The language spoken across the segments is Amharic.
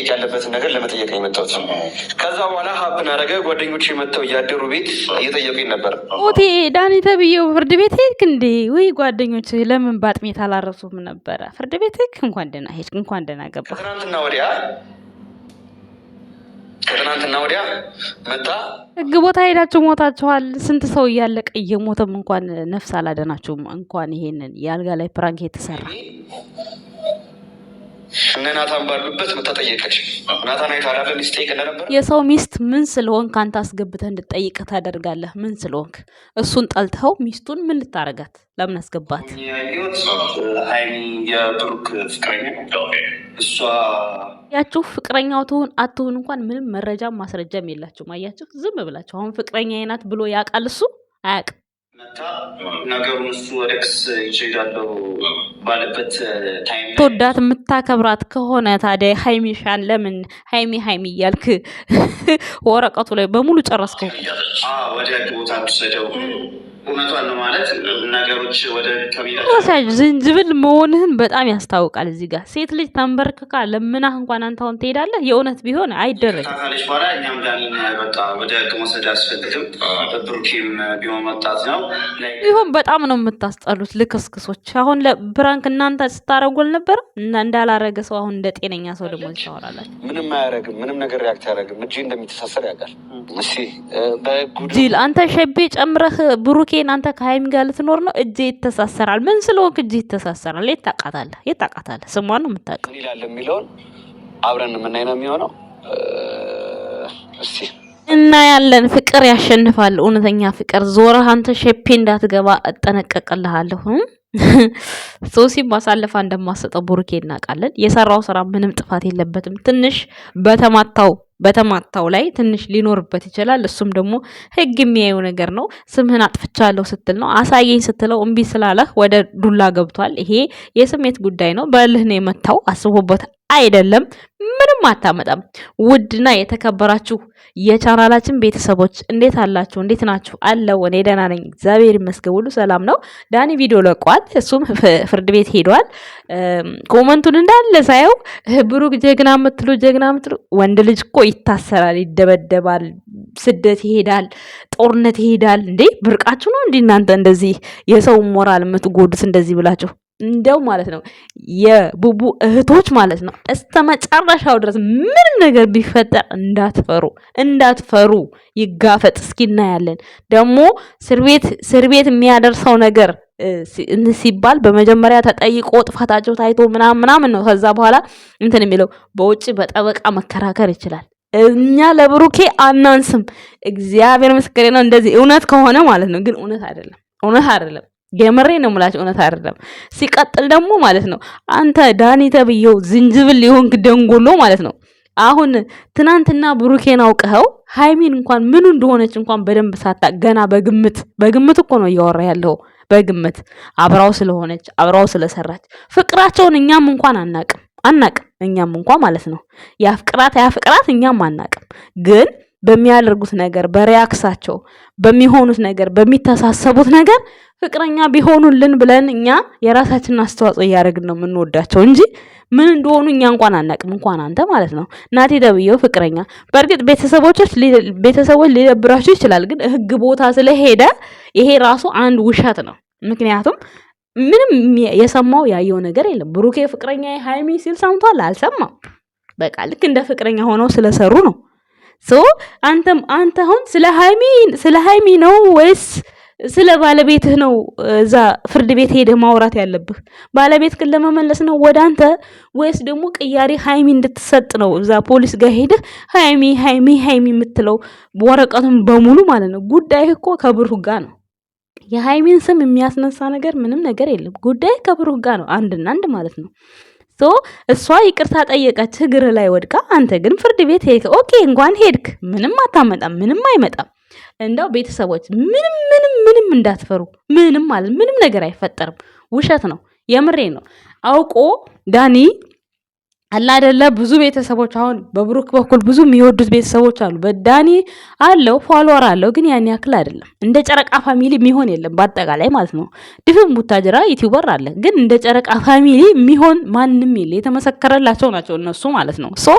ጠየቅ ያለበትን ነገር ለመጠየቅ የመጣሁት ከዛ በኋላ ሀብን አረገ። ጓደኞች የመጥተው እያደሩ ቤት እየጠየቁኝ ነበር። ሞቴ ዳኒ ተብዬው ፍርድ ቤት ሄድክ እንዴ? ወይ ጓደኞች ለምን በአጥሜት አላረሱም ነበረ? ፍርድ ቤት ሄድክ? እንኳን ደህና ሄድክ፣ እንኳን ደህና ገባ። ከትናንትና ወዲያ ከትናንትና ወዲያ መጣ። ህግ ቦታ ሄዳችሁ ሞታችኋል። ስንት ሰው እያለቀ እየሞተም እንኳን ነፍስ አላደናችሁም። እንኳን ይሄንን የአልጋ ላይ ፕራንክ የተሰራ እነ ናታን ባሉበት ተጠየቀች። ናታን አይቶ አላለ ሊስጠይቅ እንደነበር የሰው ሚስት ምን ስለሆንክ አንተ አስገብተህ እንድጠይቅ ታደርጋለህ? ምን ስለሆንክ እሱን ጠልተኸው ሚስቱን ምን ልታረጋት? ለምን አስገባት? ሀይሚ የብሩክ ፍቅረኛ እሷ ያችሁ ፍቅረኛው ትሁን አትሁን እንኳን ምንም መረጃም ማስረጃም የላችሁም። አያችሁ፣ ዝም ብላችሁ አሁን ፍቅረኛ ናት ብሎ ያውቃል እሱ አያውቅም። ነገሩን ተወዳት የምታከብራት ከሆነ ታዲያ ሻን ለምን ሀይሚ ሀይሚ እያልክ ወረቀቱ ላይ በሙሉ ጨረስከው? ወደ ቦታ ሰደው እውነቷን ነው ማለት ነገሮች ወደ ዝንጅብል መሆንህን በጣም ያስታውቃል። እዚህ ጋር ሴት ልጅ ተንበርክካ ለምናህ እንኳን አንተ አሁን ትሄዳለህ። የእውነት ቢሆን አይደረግም። ካለች በኋላ እኛም ዳልን በቃ ወደ ህግ መውሰድ ብሩኬም ቢሆን መጣት ነው ቢሆን በጣም ነው የምታስጠሉት ልክስክሶች። አሁን ለብራንክ እናንተ ስታረጉ አልነበረም እንዳላረገ ሰው አሁን እንደ ጤነኛ ሰው ደግሞ ይታወራላችሁ። ምንም አያረግም። ምንም ነገር ሪያክት አያረግም። እጅ እንደሚተሳሰር ያውቃል። አንተ ሸቤ ጨምረህ ብሩኬ ከኬን አንተ ከሀይሚ ጋር ልትኖር ነው። እጅ ይተሳሰራል። ምን ስለሆንክ እጅ ይተሳሰራል? የት ታውቃታለህ? የት ታውቃታለህ? ስሟን ነው የምታውቀው። ይላል የሚለውን አብረን የምናይ ነው የሚሆነው። እስቲ እና ያለን ፍቅር ያሸንፋል። እውነተኛ ፍቅር ዞረ። አንተ ሸፔ እንዳትገባ እጠነቀቅልሃለሁ። ሶሲ ማሳለፋ እንደማሰጠው ቡርኬ እናውቃለን። የሰራው ስራ ምንም ጥፋት የለበትም። ትንሽ በተማታው በተማታው ላይ ትንሽ ሊኖርበት ይችላል። እሱም ደግሞ ህግ የሚያየው ነገር ነው። ስምህን አጥፍቻለሁ ስትል ነው አሳየኝ ስትለው እምቢ ስላለህ ወደ ዱላ ገብቷል። ይሄ የስሜት ጉዳይ ነው። በልህ ነው የመታው አስቦበት አይደለም፣ ምንም አታመጣም። ውድና የተከበራችሁ የቻናላችን ቤተሰቦች እንዴት አላችሁ? እንዴት ናችሁ? አለው እኔ ደህና ነኝ፣ እግዚአብሔር ይመስገን፣ ሁሉ ሰላም ነው። ዳኒ ቪዲዮ ለቋል፣ እሱም ፍርድ ቤት ሄዷል። ኮመንቱን እንዳለ ሳየው ብሩክ ጀግና ምትሉ ጀግና ምትሉ ወንድ ልጅ እኮ ይታሰራል፣ ይደበደባል፣ ስደት ይሄዳል፣ ጦርነት ይሄዳል። እንዴ ብርቃችሁ ነው እንዲህ እናንተ እንደዚህ የሰው ሞራል የምትጎዱት እንደዚህ ብላችሁ እንደው ማለት ነው የቡቡ እህቶች ማለት ነው እስተ መጨረሻው ድረስ ምንም ነገር ቢፈጠር እንዳትፈሩ እንዳትፈሩ። ይጋፈጥ እስኪ እናያለን። ደግሞ እስር ቤት የሚያደርሰው ነገር ሲባል በመጀመሪያ ተጠይቆ ጥፋታቸው ታይቶ ምናምን ምናምን ነው። ከዛ በኋላ እንትን የሚለው በውጭ በጠበቃ መከራከር ይችላል። እኛ ለብሩኬ አናንስም። እግዚአብሔር ምስክሬ ነው። እንደዚህ እውነት ከሆነ ማለት ነው። ግን እውነት አይደለም፣ እውነት አይደለም። የምሬ ነው የምላቸው፣ እውነት አይደለም። ሲቀጥል ደግሞ ማለት ነው አንተ ዳኒ ተብዬው ዝንጅብል የሆንክ ደንጎሎ ማለት ነው። አሁን ትናንትና ብሩኬን አውቀኸው ሃይሚን እንኳን ምኑ እንደሆነች እንኳን በደንብ ሳታ ገና በግምት በግምት እኮ ነው እያወራ ያለው በግምት አብራው ስለሆነች አብራው ስለሰራች ፍቅራቸውን እኛም እንኳን አናቅም አናቅም እኛም እንኳን ማለት ነው ያፍቅራት ያፍቅራት እኛም አናቅም ግን በሚያደርጉት ነገር፣ በሪያክሳቸው፣ በሚሆኑት ነገር፣ በሚተሳሰቡት ነገር ፍቅረኛ ቢሆኑልን ብለን እኛ የራሳችንን አስተዋጽኦ እያደረግን ነው የምንወዳቸው እንጂ ምን እንደሆኑ እኛ እንኳን አናቅም። እንኳን አንተ ማለት ነው ናቴ ደብየው ፍቅረኛ። በእርግጥ ቤተሰቦች ሊደብራቸው ይችላል፣ ግን ህግ ቦታ ስለሄደ ይሄ ራሱ አንድ ውሸት ነው። ምክንያቱም ምንም የሰማው ያየው ነገር የለም። ብሩኬ ፍቅረኛ ሀይሚ ሲል ሰምቷል? አልሰማም። በቃ ልክ እንደ ፍቅረኛ ሆነው ስለሰሩ ነው። ሶ አንተም አንተ አሁን ስለ ሀይሚ ስለ ሃይሚ ነው ወይስ ስለ ባለቤትህ ነው? እዛ ፍርድ ቤት ሄደህ ማውራት ያለብህ ባለቤት ግን ለመመለስ ነው ወደ አንተ ወይስ ደግሞ ቅያሪ ሀይሚ እንድትሰጥ ነው? እዛ ፖሊስ ጋር ሄደህ ሀይሚ ሀይሚ ሃይሚ የምትለው ወረቀቱን በሙሉ ማለት ነው። ጉዳይህ እኮ ከብሩህ ጋር ነው። የሃይሚን ስም የሚያስነሳ ነገር ምንም ነገር የለም። ጉዳይ ከብሩህ ጋር ነው። አንድና አንድ ማለት ነው። እሷ ይቅርታ ጠየቀች እግር ላይ ወድቃ፣ አንተ ግን ፍርድ ቤት ሄድክ። ኦኬ እንኳን ሄድክ፣ ምንም አታመጣም፣ ምንም አይመጣም። እንደው ቤተሰቦች ምንም ምንም ምንም እንዳትፈሩ፣ ምንም ማለት ምንም ነገር አይፈጠርም። ውሸት ነው፣ የምሬ ነው። አውቆ ዳኒ አላ አይደለ ብዙ ቤተሰቦች አሁን በብሩክ በኩል ብዙ የሚወዱት ቤተሰቦች አሉ። በዳኒ አለው ፎሎወር አለው፣ ግን ያን ያክል አይደለም። እንደ ጨረቃ ፋሚሊ የሚሆን የለም በአጠቃላይ ማለት ነው። ድፍን ቡታጅራ ዩቲዩበር አለ፣ ግን እንደ ጨረቃ ፋሚሊ የሚሆን ማንም የለ። የተመሰከረላቸው ናቸው እነሱ ማለት ነው። ሶ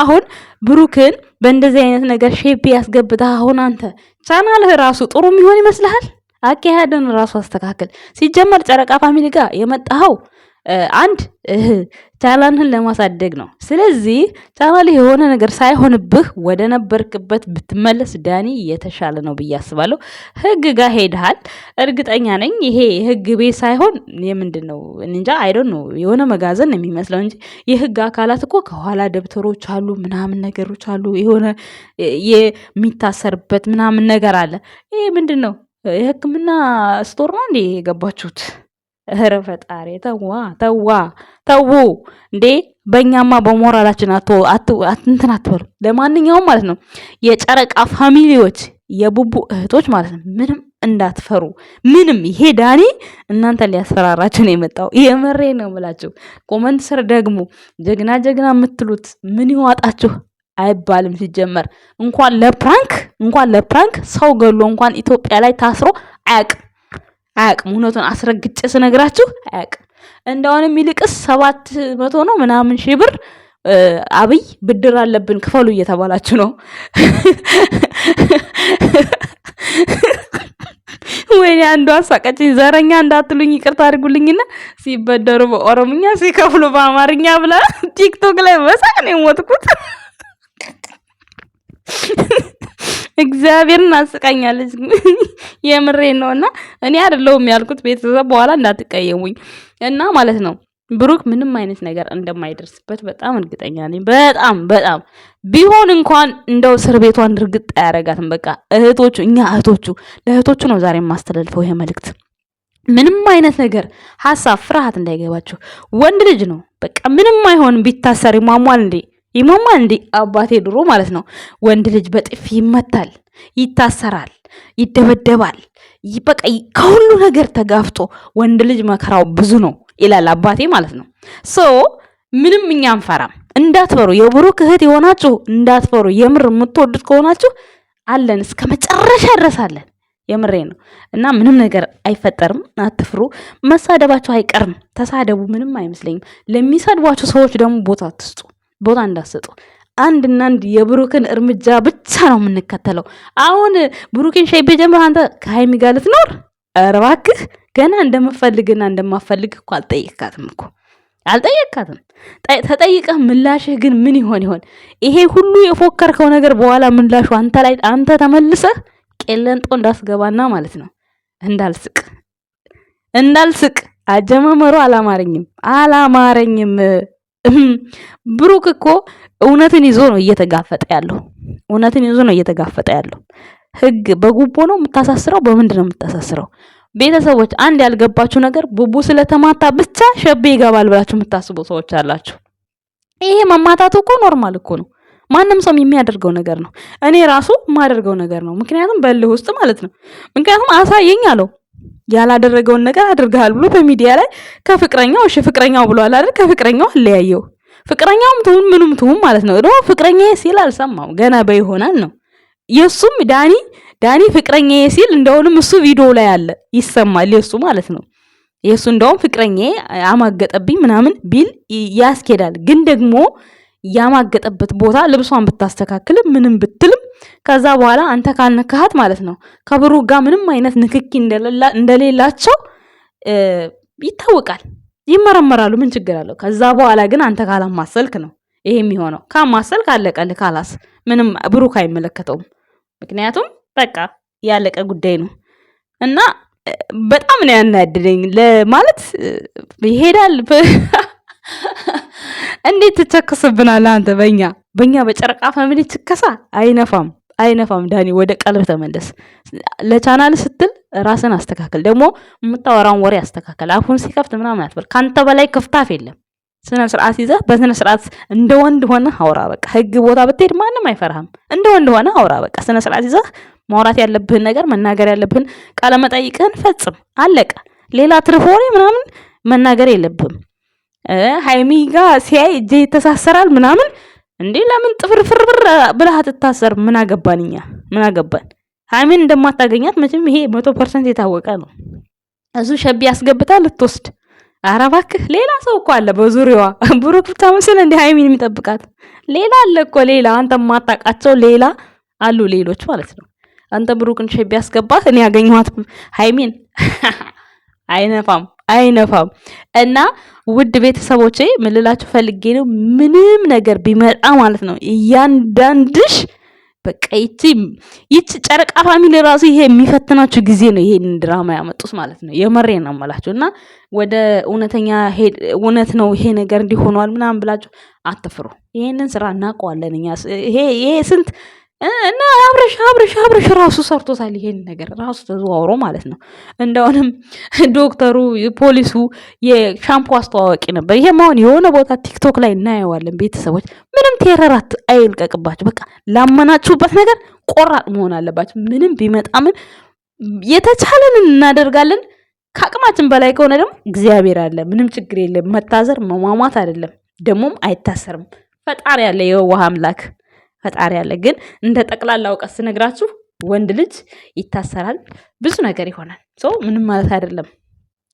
አሁን ብሩክን በእንደዚህ አይነት ነገር ሼፕ ያስገብታ። አሁን አንተ ቻናልህ ራሱ ጥሩ የሚሆን ይመስልሃል? አካሄድን ራሱ አስተካክል። ሲጀመር ጨረቃ ፋሚሊ ጋር የመጣኸው አንድ ቻናልህን ለማሳደግ ነው። ስለዚህ ቻናልህ የሆነ ነገር ሳይሆንብህ ወደ ነበርክበት ብትመለስ ዳኒ የተሻለ ነው ብዬ አስባለሁ። ህግ ጋር ሄድሃል፣ እርግጠኛ ነኝ። ይሄ ህግ ቤት ሳይሆን የምንድን ነው እንጃ አይዶን ነው የሆነ መጋዘን የሚመስለው እንጂ የህግ አካላት እኮ ከኋላ ደብተሮች አሉ፣ ምናምን ነገሮች አሉ፣ የሆነ የሚታሰርበት ምናምን ነገር አለ። ይሄ ምንድን ነው? የህክምና ስቶር ነው እንዴ የገባችሁት? እረ ፈጣሪ ተዋ ተዋ ተዉ እንዴ! በእኛማ በሞራላችን አቶ እንትን አትበሉ። ለማንኛውም ማለት ነው የጨረቃ ፋሚሊዎች የቡቡ እህቶች ማለት ነው ምንም እንዳትፈሩ። ምንም ይሄ ዳኒ እናንተ ሊያስፈራራችሁ ነው የመጣው። የመሬ ነው የምላችሁ። ኮመንት ስር ደግሞ ጀግና ጀግና የምትሉት ምን ይዋጣችሁ አይባልም። ሲጀመር እንኳን ለፕራንክ እንኳን ለፕራንክ ሰው ገሎ እንኳን ኢትዮጵያ ላይ ታስሮ አያውቅም። አያቅም እውነቱን አስረግጬ ስነግራችሁ አያቅም እንደውንም ይልቅስ ሰባት መቶ ነው ምናምን ሺህ ብር አብይ ብድር አለብን ክፈሉ እየተባላችሁ ነው። ወይኔ አንዱ አሳቀችኝ። ዘረኛ እንዳትሉኝ ይቅርታ አድርጉልኝና ሲበደሩ በኦሮምኛ ሲከፍሉ በአማርኛ ብላ ቲክቶክ ላይ በሳቅ ነው የሞትኩት። እግዚአብሔርን አስቃኛለች። የምሬ ነው እና እኔ አይደለሁም ያልኩት ቤተሰብ በኋላ እንዳትቀየሙኝ እና ማለት ነው ብሩክ ምንም አይነት ነገር እንደማይደርስበት በጣም እርግጠኛ ነኝ። በጣም በጣም ቢሆን እንኳን እንደው እስር ቤቷን ድርግጥ አያረጋትም። በቃ እህቶቹ እኛ እህቶቹ ለእህቶቹ ነው ዛሬ የማስተላልፈው ይሄ መልእክት። ምንም አይነት ነገር ሀሳብ፣ ፍርሃት እንዳይገባችሁ። ወንድ ልጅ ነው በቃ ምንም አይሆን ቢታሰር ይሟሟል እንዴ ይሞማ እንዴ አባቴ ድሮ ማለት ነው ወንድ ልጅ በጥፊ ይመታል፣ ይታሰራል፣ ይደበደባል። በቃ ከሁሉ ነገር ተጋፍጦ ወንድ ልጅ መከራው ብዙ ነው ይላል አባቴ ማለት ነው። ሶ ምንም እኛ አንፈራም እንዳትፈሩ፣ የብሩክ እህት የሆናችሁ እንዳትፈሩ። የምር የምትወዱት ከሆናችሁ አለን እስከ መጨረሻ ድረሳለን። የምሬ ነው እና ምንም ነገር አይፈጠርም፣ አትፍሩ። መሳደባችሁ አይቀርም፣ ተሳደቡ፣ ምንም አይመስለኝም። ለሚሰድቧችሁ ሰዎች ደግሞ ቦታ አትስጡ። ቦታ እንዳሰጡ አንድ እና አንድ የብሩክን እርምጃ ብቻ ነው የምንከተለው። አሁን ብሩክን ሻይ በጀምር አንተ ከሀይሚ ጋር ልትኖር እባክህ። ገና እንደምፈልግና እንደማፈልግ እኮ አልጠየካትም እኮ አልጠየካትም። ተጠይቀህ ምላሽህ ግን ምን ይሆን ይሆን? ይሄ ሁሉ የፎከርከው ነገር በኋላ ምላሹ አንተ ላይ አንተ ተመልሰህ ቄለንጦ እንዳስገባና ማለት ነው። እንዳልስቅ እንዳልስቅ አጀማመሩ አላማረኝም አላማረኝም። ብሩክ እኮ እውነትን ይዞ ነው እየተጋፈጠ ያለው። እውነትን ይዞ ነው እየተጋፈጠ ያለው። ህግ በጉቦ ነው የምታሳስረው? በምንድን ነው የምታሳስረው? ቤተሰቦች አንድ ያልገባችሁ ነገር ቡቡ ስለተማታ ብቻ ሸቤ ይገባል ብላችሁ የምታስቡ ሰዎች አላችሁ። ይሄ መማታቱ እኮ ኖርማል እኮ ነው። ማንም ሰውም የሚያደርገው ነገር ነው። እኔ ራሱ የማደርገው ነገር ነው። ምክንያቱም በልህ ውስጥ ማለት ነው። ምክንያቱም አሳየኝ አለው ያላደረገውን ነገር አድርገሃል ብሎ በሚዲያ ላይ ከፍቅረኛው እሺ ፍቅረኛው ብሎ አላደር ከፍቅረኛው አለያየው። ፍቅረኛውም ትሁን ምኑም ትሁን ማለት ነው። ደግሞ ፍቅረኛዬ ሲል አልሰማው ገና በይሆናል ነው የእሱም ዳኒ ዳኒ ፍቅረኛዬ ሲል እንደውንም እሱ ቪዲዮ ላይ አለ ይሰማል፣ የእሱ ማለት ነው። የእሱ እንደውም ፍቅረኛዬ አማገጠብኝ ምናምን ቢል ያስኬዳል። ግን ደግሞ ያማገጠበት ቦታ ልብሷን ብታስተካክልም ምንም ብትልም ከዛ በኋላ አንተ ካልነካሃት ማለት ነው ከብሩ ጋር ምንም አይነት ንክኪ እንደሌላቸው ይታወቃል። ይመረመራሉ። ምን ችግር አለው? ከዛ በኋላ ግን አንተ ካላማሰልክ ነው ይሄ የሚሆነው። ካማሰልክ አለቀልህ። ካላስ ምንም ብሩክ አይመለከተውም። ምክንያቱም በቃ ያለቀ ጉዳይ ነው እና በጣም ነው ያናደደኝ። ለማለት ይሄዳል። እንዴት ትቸክስብናል አንተ? በኛ በኛ በጨረቃ ፋሚሊ ትከሳ አይነፋም። አይነፋም። ዳኒ ወደ ቀልብ ተመለስ። ለቻናል ስትል ራስን አስተካከል። ደግሞ የምታወራውን ወሬ አስተካከል። አፉን ሲከፍት ምናምን አትበል። ከአንተ በላይ ክፍታፍ የለም። ስነ ስርዓት ይዘህ በስነ ስርዓት እንደ ወንድ ሆነ አውራ በቃ። ህግ ቦታ ብትሄድ ማንም አይፈራህም። እንደ ወንድ ሆነ አውራ በቃ። ስነ ስርዓት ይዘህ ማውራት ያለብህን ነገር መናገር ያለብህን ቃለ መጠይቅህን ፈጽም። አለቀ። ሌላ ትርፍ ወሬ ምናምን መናገር የለብህም። ሃይሚ ጋ ሲያይ እጄ ይተሳሰራል ምናምን እንዴ ለምን ጥፍርፍር ብለህ አትታሰር? ምን አገባን እኛ ምን አገባን? ሀይሜን እንደማታገኛት መቼም ይሄ መቶ ፐርሰንት የታወቀ ነው። እሱ ሸቢ ያስገብታ ልትወስድ። ኧረ እባክህ ሌላ ሰው እኮ አለ በዙሪያዋ። ብሩክ ብታመስል እንዴ ሀይሚን የሚጠብቃት ሌላ አለ እኮ ሌላ፣ አንተ የማታውቃቸው ሌላ አሉ ሌሎች ማለት ነው። አንተ ብሩክን ሸቢ ያስገባት እኔ ያገኘኋት ሀይሜን አይነፋም። አይነፋም እና ውድ ቤተሰቦቼ ምልላችሁ ፈልጌ ነው። ምንም ነገር ቢመጣ ማለት ነው እያንዳንድሽ በቃ ይቺ ይቺ ጨረቃ ፋሚሊ ራሱ ይሄ የሚፈትናችሁ ጊዜ ነው ይሄን ድራማ ያመጡት ማለት ነው። የመሬ ነው የምላችሁ እና ወደ እውነተኛ እውነት ነው ይሄ ነገር እንዲሆኗል ምናምን ብላችሁ አትፍሩ። ይሄንን ስራ እናውቀዋለን እኛ ይሄ ስንት እና አብረሽ አብረሽ አብረሽ ራሱ ሰርቶታል ይሄን ነገር ራሱ ተዘዋውሮ ማለት ነው። እንደውንም ዶክተሩ፣ ፖሊሱ የሻምፖ አስተዋዋቂ ነበር። ይሄ አሁን የሆነ ቦታ ቲክቶክ ላይ እናየዋለን። ቤተሰቦች ምንም ቴረራት አይልቀቅባችሁ። በቃ ላመናችሁበት ነገር ቆራጥ መሆን አለባችሁ። ምንም ቢመጣምን የተቻለንን እናደርጋለን። ከአቅማችን በላይ ከሆነ ደግሞ እግዚአብሔር አለ። ምንም ችግር የለም። መታዘር መሟሟት አይደለም፣ ደግሞም አይታሰርም። ፈጣሪ ያለ የውሃ አምላክ ፈጣሪ ያለ። ግን እንደ ጠቅላላ እውቀት ስነግራችሁ ወንድ ልጅ ይታሰራል፣ ብዙ ነገር ይሆናል። ሰው ምንም ማለት አይደለም።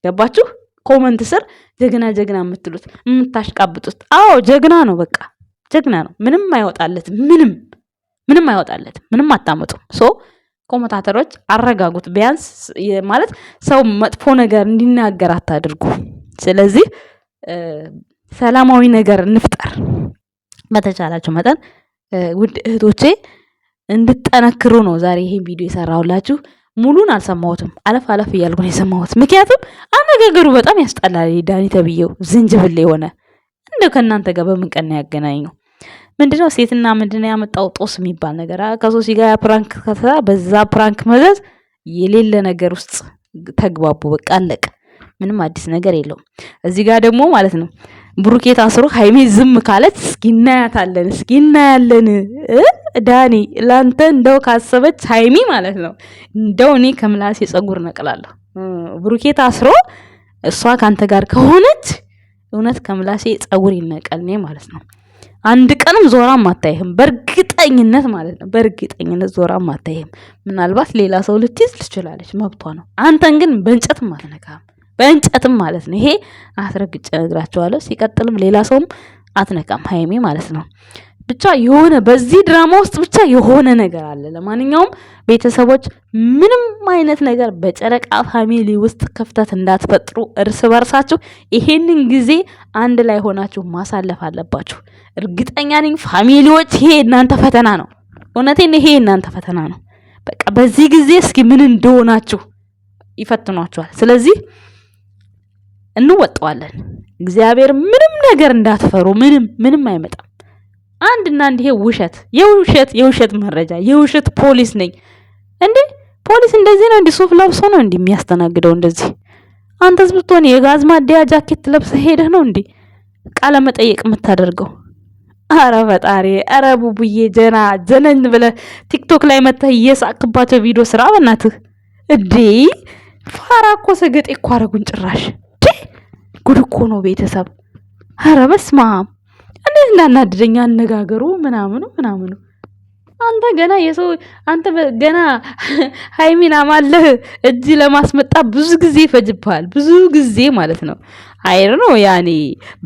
ገባችሁ? ኮመንት ስር ጀግና ጀግና የምትሉት የምታሽቃብጡት፣ አዎ ጀግና ነው፣ በቃ ጀግና ነው። ምንም አይወጣለት፣ ምንም ምንም አይወጣለት፣ ምንም አታመጡም። ሶ ኮመንታተሮች አረጋጉት፣ ቢያንስ ማለት ሰው መጥፎ ነገር እንዲናገር አታድርጉ። ስለዚህ ሰላማዊ ነገር እንፍጠር በተቻላቸው መጠን ውድ እህቶቼ እንድጠነክሩ ነው ዛሬ ይሄን ቪዲዮ የሰራሁላችሁ። ሙሉን አልሰማሁትም፣ አለፍ አለፍ እያልኩ ነው የሰማሁት። ምክንያቱም አነጋገሩ በጣም ያስጠላል። ዳኒ ተብዬው ዝንጅብል የሆነ እንደው ከእናንተ ጋር በምን ቀን ያገናኝ ነው? ምንድነው ሴትና ምንድነው ያመጣው ጦስ የሚባል ነገር ከሶሲ ጋር ፕራንክ ከተራ በዛ ፕራንክ መዘዝ የሌለ ነገር ውስጥ ተግባቡ። በቃ አለቀ። ምንም አዲስ ነገር የለውም እዚህ ጋር ደግሞ ማለት ነው ብሩኬ ታስሮ ሃይሜ ዝም ካለት እስኪ እናያታለን፣ እስኪ እናያለን። ዳኒ ላንተ እንደው ካሰበች ሀይሚ ማለት ነው እንደው እኔ ከምላሴ ፀጉር ነቅላለሁ። ብሩኬ ታስሮ እሷ ከአንተ ጋር ከሆነች እውነት ከምላሴ ፀጉር ይነቀል እኔ ማለት ነው። አንድ ቀንም ዞራም አታይህም፣ በእርግጠኝነት ማለት ነው። በእርግጠኝነት ዞራም አታይህም። ምናልባት ሌላ ሰው ልትይዝ ትችላለች፣ መብቷ ነው። አንተን ግን በእንጨትም አትነካም። በእንጨትም ማለት ነው። ይሄ አስረግጬ እነግራቸዋለሁ። ሲቀጥልም ሌላ ሰውም አትነቃም ሀይሜ ማለት ነው። ብቻ የሆነ በዚህ ድራማ ውስጥ ብቻ የሆነ ነገር አለ። ለማንኛውም ቤተሰቦች ምንም አይነት ነገር በጨረቃ ፋሚሊ ውስጥ ክፍተት እንዳትፈጥሩ እርስ በርሳችሁ ይሄንን ጊዜ አንድ ላይ ሆናችሁ ማሳለፍ አለባችሁ። እርግጠኛ ነኝ ፋሚሊዎች፣ ይሄ እናንተ ፈተና ነው። እውነቴን፣ ይሄ እናንተ ፈተና ነው። በቃ በዚህ ጊዜ እስኪ ምን እንደሆናችሁ ይፈትኗችኋል። ስለዚህ እንወጣዋለን። እግዚአብሔር ምንም ነገር እንዳትፈሩ፣ ምንም ምንም አይመጣም። አንድና አንድ ይሄ ውሸት የውሸት የውሸት መረጃ የውሸት ፖሊስ ነኝ እንዴ? ፖሊስ እንደዚህ ነው? እንዲ ሱፍ ለብሶ ነው እንዲ የሚያስተናግደው? እንደዚህ አንተስ ብትሆን የጋዝ ማደያ ጃኬት ለብሰ ሄደህ ነው እንዲ ቃለ መጠየቅ የምታደርገው? አረ ፈጣሪ፣ አረ ቡቡዬ፣ ጀና ዘነን ብለ ቲክቶክ ላይ መተህ እየሳቅባቸው ቪዲዮ ስራ በእናትህ እንዴ! ፋራ እኮ ሰገጤ እኮ አረጉን ጭራሽ ጉድ እኮ ነው ቤተሰብ። አረ በስመ አብ እንዴት እንዳናደደኝ አነጋገሩ ምናምኑ ምናምኑ። አንተ ገና የሰው አንተ ገና ሀይሚን ማለህ እጅ ለማስመጣ ብዙ ጊዜ ይፈጅብሃል፣ ብዙ ጊዜ ማለት ነው። አይር ነው ያኔ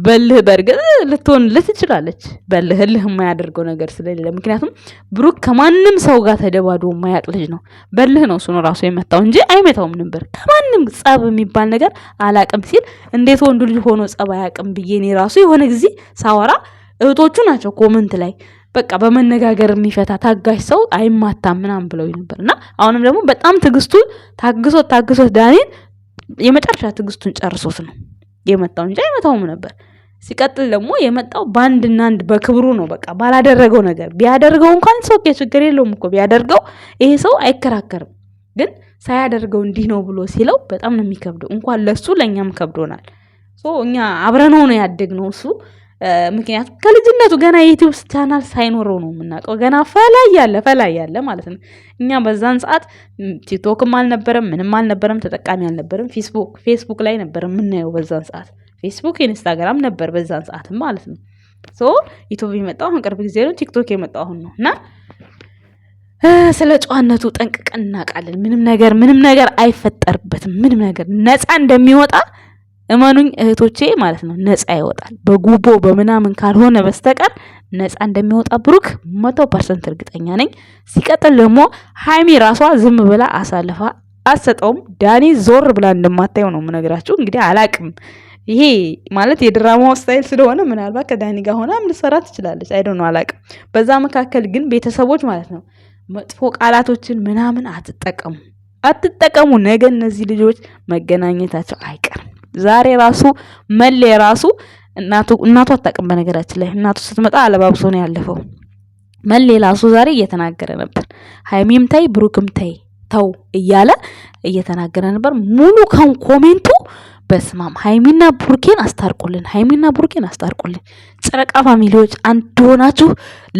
በልህ በእርግጥ ልትሆንልህ ትችላለች። በልህ ልህ የማያደርገው ነገር ስለሌለ ምክንያቱም ብሩክ ከማንም ሰው ጋር ተደባዶ የማያቅ ልጅ ነው። በልህ ነው እሱን ራሱ የመታው እንጂ አይመታውም ነበር። ከማንም ጸብ የሚባል ነገር አላቅም ሲል እንዴት ወንዱ ልጅ ሆኖ ጸብ አያቅም ብዬ እኔ ራሱ የሆነ ጊዜ ሳወራ እህቶቹ ናቸው ኮመንት ላይ በቃ በመነጋገር የሚፈታ ታጋሽ ሰው አይማታም ምናምን ብለው ነበር። እና አሁንም ደግሞ በጣም ትዕግስቱን ታግሶት ታግሶት ዳኔን የመጨረሻ ትግስቱን ጨርሶት ነው የመጣው እንጂ አይመታውም ነበር። ሲቀጥል ደግሞ የመጣው በአንድና አንድ በክብሩ ነው። በቃ ባላደረገው ነገር ቢያደርገው እንኳን ሰው ችግር የለውም እኮ ቢያደርገው ይሄ ሰው አይከራከርም። ግን ሳያደርገው እንዲህ ነው ብሎ ሲለው በጣም ነው የሚከብደው። እንኳን ለሱ ለእኛም ከብዶናል። እኛ አብረነው ነው ያደግነው እሱ ምክንያቱም ከልጅነቱ ገና የዩቲዩብ ቻናል ሳይኖረው ነው የምናውቀው። ገና ፈላይ ያለ ፈላይ ያለ ማለት ነው። እኛ በዛን ሰዓት ቲክቶክም አልነበረም፣ ምንም አልነበረም፣ ተጠቃሚ አልነበረም። ፌስቡክ ፌስቡክ ላይ ነበር የምናየው በዛን ሰዓት። ፌስቡክ ኢንስታግራም ነበር በዛን ሰዓትም ማለት ነው። ሶ ዩቱብ የመጣው አሁን ቅርብ ጊዜ ነው። ቲክቶክ የመጣው አሁን ነው እና ስለ ጨዋነቱ ጠንቅቀን እናውቃለን። ምንም ነገር ምንም ነገር አይፈጠርበትም። ምንም ነገር ነፃ እንደሚወጣ እመኑኝ እህቶቼ ማለት ነው ነፃ ይወጣል። በጉቦ በምናምን ካልሆነ በስተቀር ነፃ እንደሚወጣ ብሩክ መቶ ፐርሰንት እርግጠኛ ነኝ። ሲቀጥል ደግሞ ሀይሚ ራሷ ዝም ብላ አሳልፋ አሰጠውም ዳኒ ዞር ብላ እንደማታየው ነው የምነግራችሁ። እንግዲህ አላቅም ይሄ ማለት የድራማው ስታይል ስለሆነ ምናልባት ከዳኒ ጋር ሆናም ልሰራ ትችላለች። አይደ ነው አላቅም። በዛ መካከል ግን ቤተሰቦች ማለት ነው መጥፎ ቃላቶችን ምናምን አትጠቀሙ አትጠቀሙ። ነገ እነዚህ ልጆች መገናኘታቸው አይቀርም። ዛሬ ራሱ መሌ ራሱ እናቱ እናቱ አታውቅም። በነገራችን ላይ እናቱ ስትመጣ አለባብሶ ነው ያለፈው። መሌ ራሱ ዛሬ እየተናገረ ነበር። ሀይሚም ታይ ብሩክም ታይ ተው እያለ እየተናገረ ነበር። ሙሉ ከን ኮሜንቱ በስማም ሀይሚና ቡርኬን አስታርቁልን፣ ሀይሚና ቡርኬን አስታርቁልን። ጨረቃ ፋሚሊዎች አንድ ሆናችሁ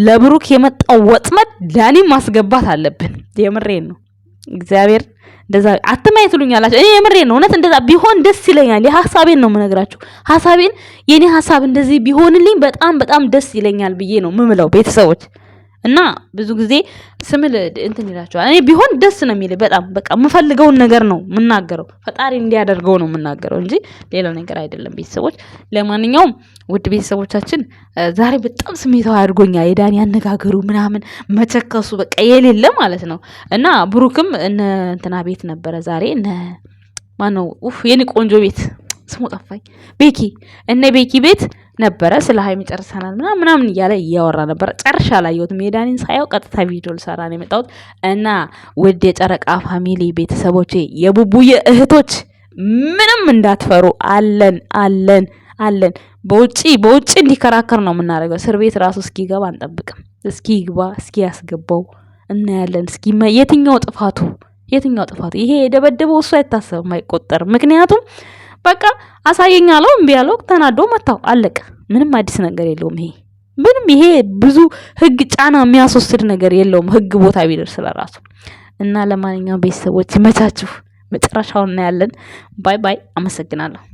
ለብሩክ የመጣው ወጥመድ ዳኒ ማስገባት አለብን። የምሬን ነው። እግዚአብሔር እንደዛ አትማይ ትሉኝ አላችሁ። እኔ የምሬ ነው እውነት እንደዛ ቢሆን ደስ ይለኛል። የሀሳቤን ነው የምነግራችሁ። ሀሳቤን የኔ ሀሳብ እንደዚህ ቢሆንልኝ በጣም በጣም ደስ ይለኛል ብዬ ነው የምምለው ቤተሰቦች እና ብዙ ጊዜ ስምል እንትን ይላቸዋል። እኔ ቢሆን ደስ ነው የሚል በጣም በቃ የምፈልገውን ነገር ነው የምናገረው። ፈጣሪ እንዲያደርገው ነው የምናገረው እንጂ ሌላ ነገር አይደለም። ቤተሰቦች፣ ለማንኛውም ውድ ቤተሰቦቻችን ዛሬ በጣም ስሜታዊ አድርጎኛል። የዳኒ አነጋገሩ ምናምን መቸከሱ በቃ የሌለ ማለት ነው እና ብሩክም እነ እንትና ቤት ነበረ ዛሬ እነ ማነው ኡፍ የኔ ቆንጆ ቤት ስሙ ጠፋኝ። ቤኪ እነ ቤኪ ቤት ነበረ ስለ ሀይሚ ጨርሰናል ምና ምናምን እያለ እያወራ ነበረ። ጨርሻ አላየሁትም። ሜዳኒን ሳየው ቀጥታ ቪዲዮ ልሰራ ነው የመጣሁት እና ውድ የጨረቃ ፋሚሊ ቤተሰቦቼ የቡቡዬ እህቶች ምንም እንዳትፈሩ፣ አለን አለን አለን። በውጭ በውጭ እንዲከራከር ነው የምናደርገው። እስር ቤት ራሱ እስኪገባ አንጠብቅም። እስኪ ይግባ፣ እስኪ ያስገባው እናያለን። እስኪ የትኛው ጥፋቱ የትኛው ጥፋቱ ይሄ የደበደበው እሱ አይታሰብም፣ አይቆጠርም። ምክንያቱም በቃ አሳየኝ አለው። እምቢ ያለው ተናዶ መታው። አለቀ። ምንም አዲስ ነገር የለውም ይሄ ምንም ይሄ ብዙ ህግ ጫና የሚያስወስድ ነገር የለውም። ህግ ቦታ ቢደርስ ለራሱ እና ለማንኛውም ቤተሰቦች ይመቻችሁ። መጨረሻውን እናያለን። ባይ ባይ። አመሰግናለሁ።